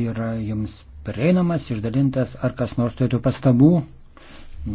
yra jums prieinamas, išdalintas, ar kas nors turėtų pastabų.